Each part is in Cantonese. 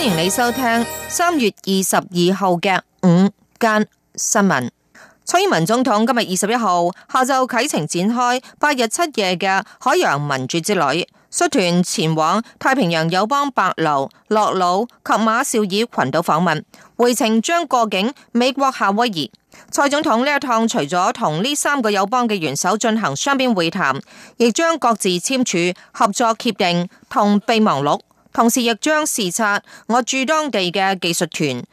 歡迎你收聽三月二十二號嘅午間新聞。蔡英文總統今日二十一號下晝啟程展開八日七夜嘅海洋民主之旅，率團前往太平洋友邦帛琉、諾魯及馬紹爾群島訪問，回程將過境美國夏威夷。蔡總統呢一趟除咗同呢三個友邦嘅元首進行雙邊會談，亦將各自簽署合作協定同備忘錄。同時亦將視察我駐當地嘅技術團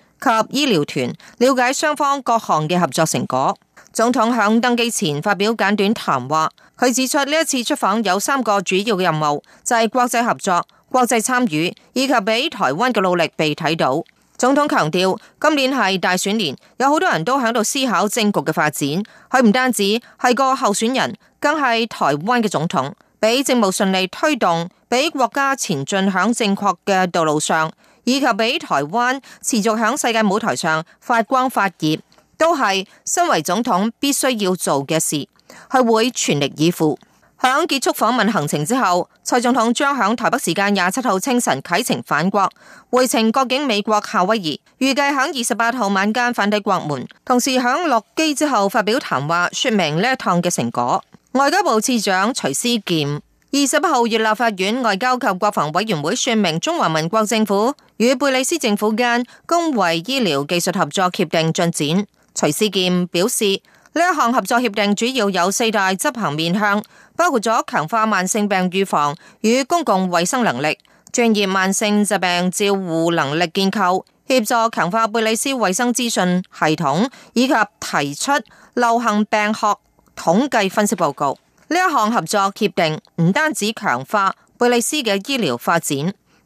及醫療團，了解雙方各項嘅合作成果。總統響登機前發表簡短談話，佢指出呢一次出訪有三個主要嘅任務，就係國際合作、國際參與，以及俾台灣嘅努力被睇到。總統強調，今年係大選年，有好多人都喺度思考政局嘅發展。佢唔單止係個候選人，更係台灣嘅總統。俾政務順利推動，俾國家前進響正確嘅道路上，以及俾台灣持續響世界舞台上發光發熱，都係身為總統必須要做嘅事，佢會全力以赴。響結束訪問行程之後，蔡總統將響台北時間廿七號清晨啟程返國，回程過境美國夏威夷，預計響二十八號晚間返抵國門，同時響落機之後發表談話，說明呢一趟嘅成果。外交部次長徐思健二十一號月立法院外交及國防委員會說明，中華民國政府與貝里斯政府間公衛醫療技術合作協定進展。徐思健表示，呢一項合作協定主要有四大執行面向，包括咗強化慢性病預防與公共衛生能力、專業慢性疾病照護能力建構、協助強化貝里斯衛生資訊系統，以及提出流行病學統計分析報告，呢一項合作協定唔單止強化貝里斯嘅醫療發展，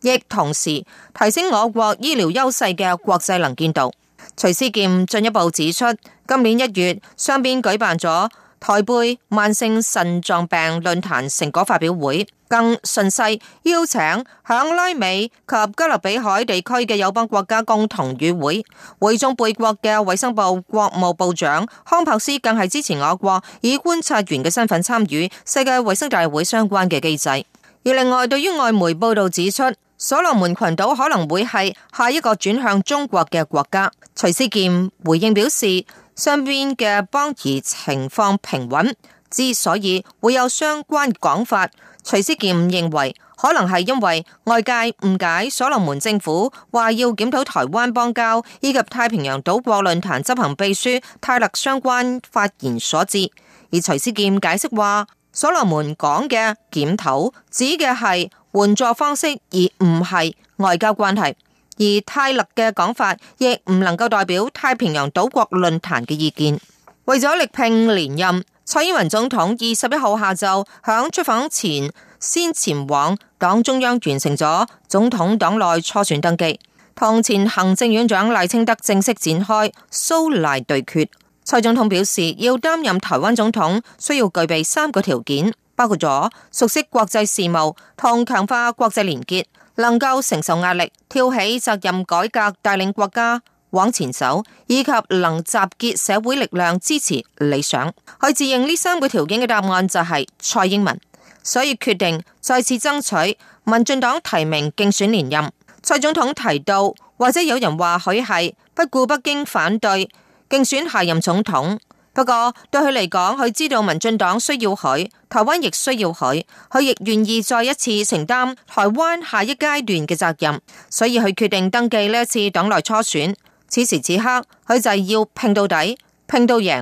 亦同時提升我國醫療優勢嘅國際能見度。徐思劍進一步指出，今年一月雙邊舉辦咗。台貝慢性腎臟病論壇成果發表會，更順勢邀請響拉美及加勒比海地區嘅友邦國家共同與會。會中貝國嘅衛生部國務部長康柏斯更係支持我國以觀察員嘅身份參與世界衛生大會相關嘅機制。而另外，對於外媒報道指出，所羅門群島可能會係下一個轉向中國嘅國家，徐思健回應表示，上邊嘅邦誼情況平穩，之所以會有相關講法，徐思健認為可能係因為外界誤解所羅門政府話要檢討台灣邦交，以及太平洋島國論壇執行秘書泰勒相關發言所致。而徐思健解釋話，所羅門講嘅檢討指嘅係援助方式，而唔係外交關係。而泰勒嘅講法亦唔能夠代表太平洋島國論壇嘅意見。為咗力拼連任，蔡英文總統二十一號下晝響出訪前先前往黨中央完成咗總統黨內初選登記，同前行政院長賴清德正式展開蘇賴對決。蔡總統表示，要擔任台灣總統，需要具備三個條件，包括咗熟悉國際事務同強化國際連結。能夠承受壓力、挑起責任、改革、帶領國家往前走，以及能集結社會力量支持理想，佢自認呢三個條件嘅答案就係蔡英文，所以決定再次爭取民進黨提名競選連任。蔡總統提到，或者有人話，佢係不顧北京反對，競選下任總統。不過對佢嚟講，佢知道民進黨需要佢，台灣亦需要佢，佢亦願意再一次承擔台灣下一階段嘅責任，所以佢決定登記呢一次黨內初選。此時此刻，佢就要拼到底，拼到贏。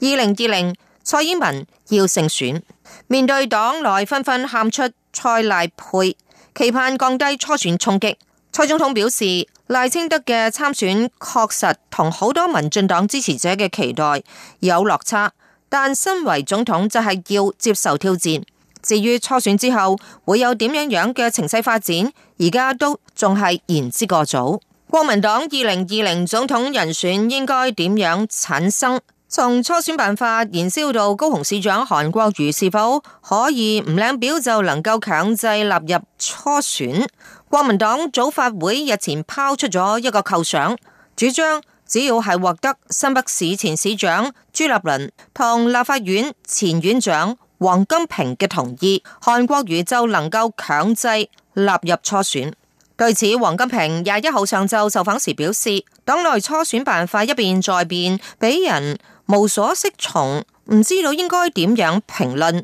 二零二零，蔡英文要勝選。面對黨內紛紛喊出蔡賴配，期盼降低初選衝擊，蔡總統表示。賴清德嘅參選確實同好多民進黨支持者嘅期待有落差，但身為總統就係要接受挑戰。至於初選之後會有點樣樣嘅情勢發展，而家都仲係言之過早。國民黨二零二零總統人選應該點樣產生？從初選辦法燃燒到高雄市長韓國瑜是否可以唔領表就能夠強制納入初選？國民黨組法會日前拋出咗一個構想，主張只要係獲得新北市前市長朱立倫同立法院前院長王金平嘅同意，韓國瑜就能夠強制納入初選。對此，王金平廿一號上晝受訪時表示，黨內初選辦法一變再變，俾人無所適從，唔知道應該點樣評論。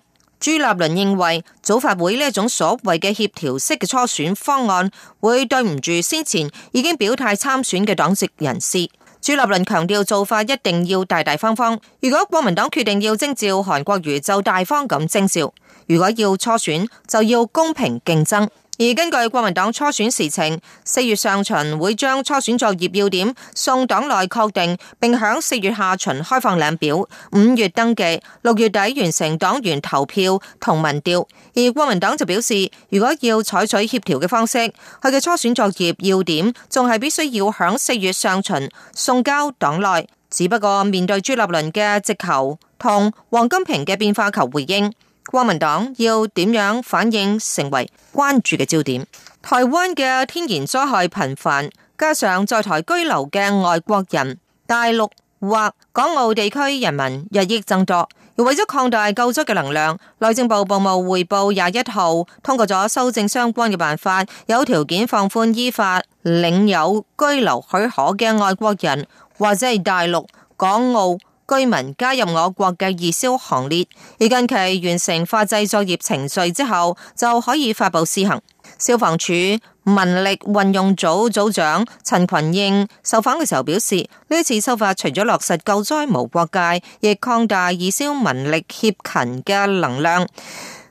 朱立倫認為，組發會呢一種所謂嘅協調式嘅初選方案，會對唔住先前已經表態參選嘅黨籍人士。朱立倫強調，做法一定要大大方方。如果國民黨決定要徵召韓國瑜，就大方咁徵召；如果要初選，就要公平競爭。而根據國民黨初選時程，四月上旬會將初選作業要點送黨內確定，並響四月下旬開放領表，五月登記，六月底完成黨員投票同民調。而國民黨就表示，如果要採取協調嘅方式，佢嘅初選作業要點仲係必須要響四月上旬送交黨內。只不過面對朱立倫嘅直球同王金平嘅變化球回應。國民黨要點樣反應，成為關注嘅焦點。台灣嘅天然災害頻繁，加上在台居留嘅外國人、大陸或港澳地區人民日益增多，為咗擴大救災嘅能量，內政部部務匯報廿一號通過咗修正相關嘅辦法，有條件放寬依法領有居留許可嘅外國人或者係大陸、港澳。居民加入我國嘅義消行列，而近期完成法制作業程序之後，就可以發布施行。消防署民力運用組組長陳群應受訪嘅時候表示，呢次修法除咗落實救災無國界，亦擴大義消民力協勤嘅能量。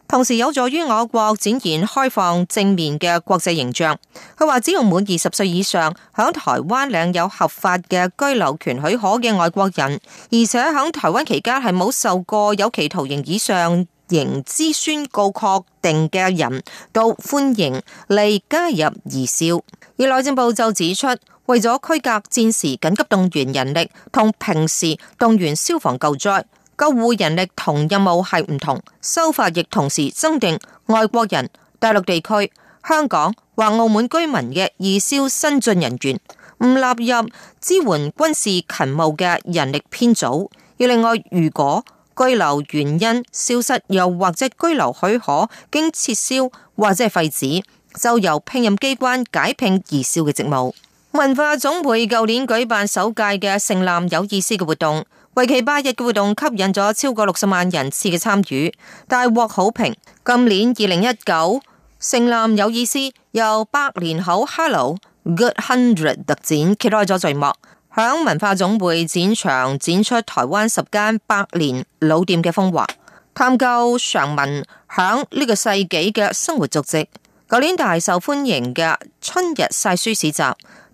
同時有助於我國展現開放正面嘅國際形象。佢話，只要滿二十歲以上，喺台灣領有合法嘅居留權許可嘅外國人，而且喺台灣期間係冇受過有期徒刑以上刑之宣告確定嘅人，都歡迎嚟加入義消。而內政部就指出，為咗區隔戰時緊急動員人力同平時動員消防救災。救護人力同任務係唔同，修法亦同時增訂外國人、大陸地區、香港或澳門居民嘅移銷新進人員唔納入支援軍事勤務嘅人力編組。而另外，如果居留原因消失，又或者居留許可經撤銷或者係廢止，就由聘任機關解聘移銷嘅職務。文化總會舊年舉辦首屆嘅聖誕有意思嘅活動。為期八日嘅活動吸引咗超過六十萬人次嘅參與，大獲好評。今年二零一九城南有意思，由百年好 Hello Good Hundred 特展，揭開咗序幕，響文化總會展場展出台灣十間百年老店嘅風華，探究常民響呢個世紀嘅生活足跡。舊年大受歡迎嘅春日曬書市集，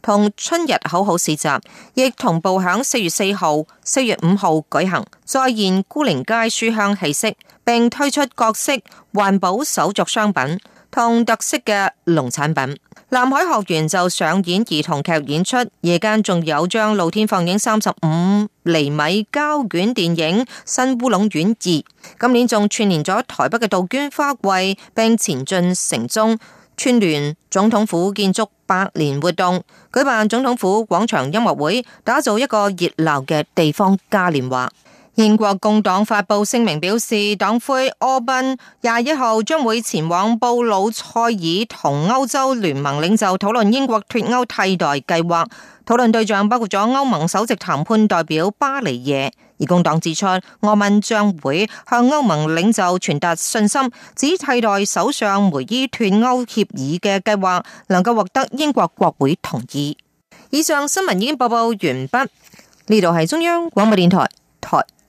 同春日好好市集，亦同步響四月四號、四月五號舉行，再現牯嶺街書香氣息，並推出各式環保手作商品同特色嘅農產品。南海學園就上演兒童劇演出，夜間仲有將露天放映三十五厘米膠卷電影《新烏龍院二》。今年仲串連咗台北嘅杜鵑花季，並前進城中。串聯總統府建築百年活動，舉辦總統府廣場音樂會，打造一個熱鬧嘅地方嘉年華。英國工黨發佈聲明表示，黨魁柯賓廿一號將會前往布魯塞爾同歐洲聯盟領袖討論英國脱歐替代計劃。討論對象包括咗歐盟首席談判代表巴尼耶。而工黨指出，柯賓將會向歐盟領袖傳達信心，指替代首相梅伊脱歐協議嘅計劃能夠獲得英國國會同意。以上新聞已經播報完畢。呢度係中央廣播電台。